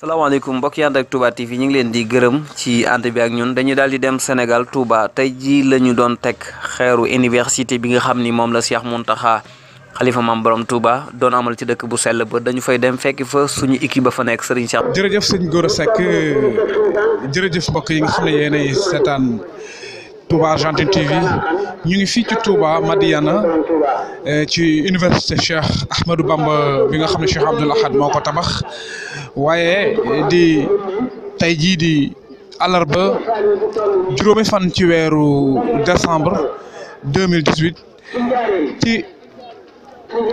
salaamaaleykum mbokk yi ak Touba TV ñu ngi leen di gërëm ci ànd bi ak ñun dañu daal di dem Sénégal Touba tey jii la ñu doon teg xeeru université bi nga xam ni moom la Cheikh Mountakha xalifa maam borom Touba doon amal ci dëkk bu sell ba dañu fay dem fekk fa suñu équipe ba fa nekk Serigne Cheikh. jërëjëf sëñ Gora Seck jërëjëf mbokk yi nga xam ne seetaan. Touba Argentine TV ñu ngi fii ci Touba Madiyana eh, ci université Cheikh Ahmadou Bamba bi nga xam ne Cheikh Abdoul Ahad moo ko tabax waaye eh, di tey jii di àllarba juróomi fan ci weeru décembre deux mille dix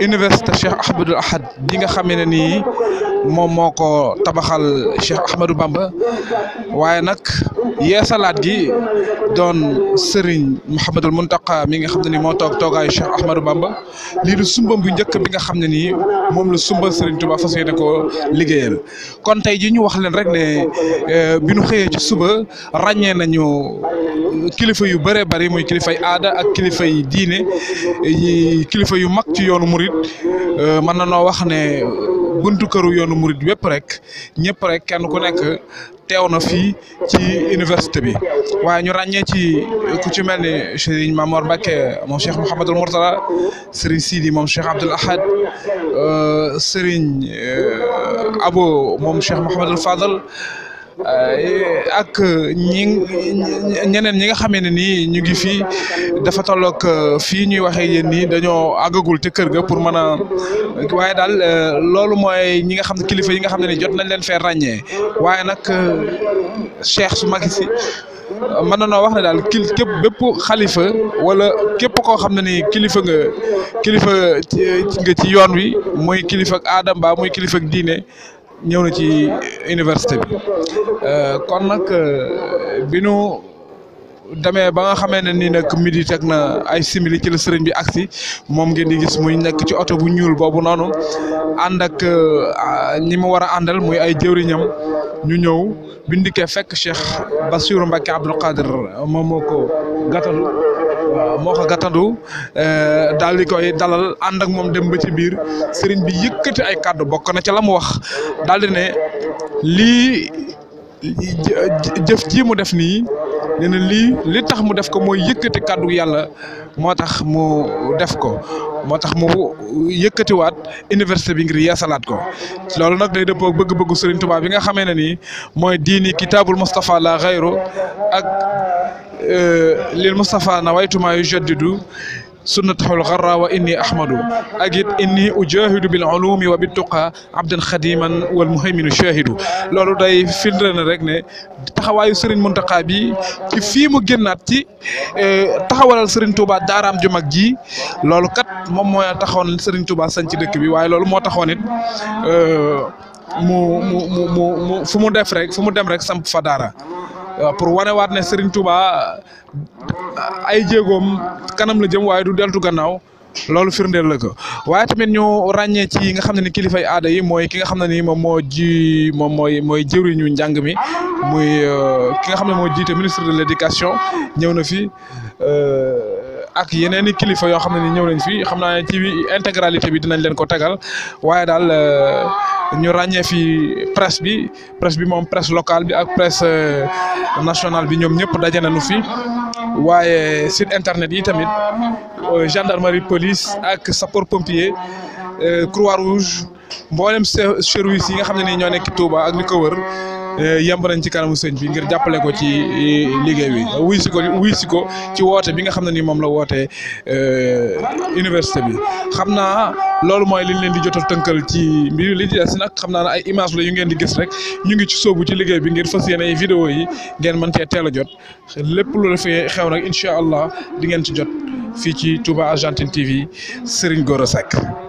université Cheikh Ahmadul Ahad bi nga xamee ne nii moom moo ko tabaxal Cheikh Ahmadou Bamba waaye nag yeesalaat gi doon Serigne Mouhamadul Mountakha mi nga xam ne moo toog toogaayu Cheikh Ahmadou Bamba lii du njëkk bi nga xam ne nii moom la sumba Serigne Touba fas yéene ko liggéeyal kon tey ji ñu wax leen rek ne euh, bi ñu xëyee ci suba ràññee nañu kilifa yu bëree bëri muy kilifay aada ak kilifay diine kilifa yu mag ci yoonu. murit euh, mën na noo wax ne buntu këru yoonu murit wépp rek ñëpp rek kenn ku nekk teew na fii ci université bi waaye ñu ràññee ci ku ci mel ni Serigne Mamor Mbacké moom Cheikh Mouhamadul Mourtala Serigne Sidi moom Cheikh Abdoul Ahad euh, Serigne euh, Abo moom Cheikh Mouhamadul Fadal ak euh, ñi ñeneen ñi nga xamee ne nii ñu ngi fii dafa tolloog euh, fii ñuy waxe yéen nii dañoo àggagul te kër ga pour mën a waaye daal euh, loolu mooy ñi nga xam ne kilifa yi nga xam ne nii jot nañ leen fee ràññee waaye nag Cheikh su Macky Sy na noo wax ne daal kil képp xalifa walla képp koo xam ne ni kilifa nga kilifa nga ci yoon wi muy kilifa ak aadam muy kilifa ak diine ñëw na ci université bi euh, kon nag euh, bi nu demee ba nga xamee ne nii nag midi teg na ay simili ci la sëriñ bi agsi moom ngeen di gis muy nekk ci oto bu ñuul boobu noonu ànd ak euh, ñi mu war a àndal muy ay jëwriñam ñu ñëw bindikee fekk Cheikh Bassirou Mbacké Abdou Khadre moom moo ko waaw moo ko gàttandu euh, daal di koy dalal ànd ak moom dem ba ci biir sëriñ bi yëkkati ay kàddu bokk na ci la mu wax daldi di ne lii. jëf ji mu def nii nee na lii li tax mu def ko mooy yëkkati kàddu yàlla moo tax mu def ko moo tax mu yëkkatiwaat université bi ngir yeesalaat ko loolu nag day dëppoo bëgg-bëggu Serigne Touba bi nga xamee ne nii mooy diini kitaabul Moustapha la xayru ak euh, lil Moustapha na waytumaa yu jaddidu sunnatahul xarra wa inni ahmadu ak it inni ujahidu bil ulumi wa bit tuqa abdan xadiman wal muhayminu shahidu loolu day firnde na rek ne taxawaayu Serigne Mountakha bi ci fii mu génnaat ci eh, taxawalal Serigne Touba daaraam ju mag ji loolu kat moom mooy taxoon Serigne Touba sañ ci dëkk bi waaye loolu moo taxoon it eh, mu mu fu mu def rek fu mu dem rek samp fa dara waaw euh, pour wanewaat ne Serigne Touba euh, ay jéegoom kanam la jëm waaye du deltu gannaaw loolu firndeel la ko waaye tamit ñu ràñee ci nga xam ne ni kilifay aada yi mooy ki nga xam ne ni moom moo ji moom mooy mooy jëwriñu njàng mi muy euh, ki nga xam ne mooy jiite ministre de l'éducation ñëw na fi. ak yeneen i kilifa yoo xam ne ni ñëw nañ fi xam naa ne ci intégralité bi dinañ leen ko tegal waaye daal euh, ñu ràññee fi presse bi presse bi moom presse locale bi ak presse euh, national bi ñoom ñëpp daje nañu fi waaye site internet yi tamit euh, gendarmerie police ak sapeur pompier croix rouge mboolem service yi nga xam ne ni ñoo nekk Touba ak li ko wër. Eh, yemb nañ ci kanamu sëñ bi ngir jàppale ko ci eh, liggéey bi wuy si ko wuy si ko ci woote bi nga xam ne ni moom la wootee eh, université bi xam naa loolu mooy liñ leen di jot tënkal ci mbir li des nag xam naa ne ay image la yu ngeen di gis rek ñu ngi ci sóobu ci liggéey bi ngir fas yéene ay vidéo yi ngeen mën tee teel a jot lépp lool fi xew nag incha allah di ngeen ci jot fii ci Touba Argentine TV Serigne goro Seck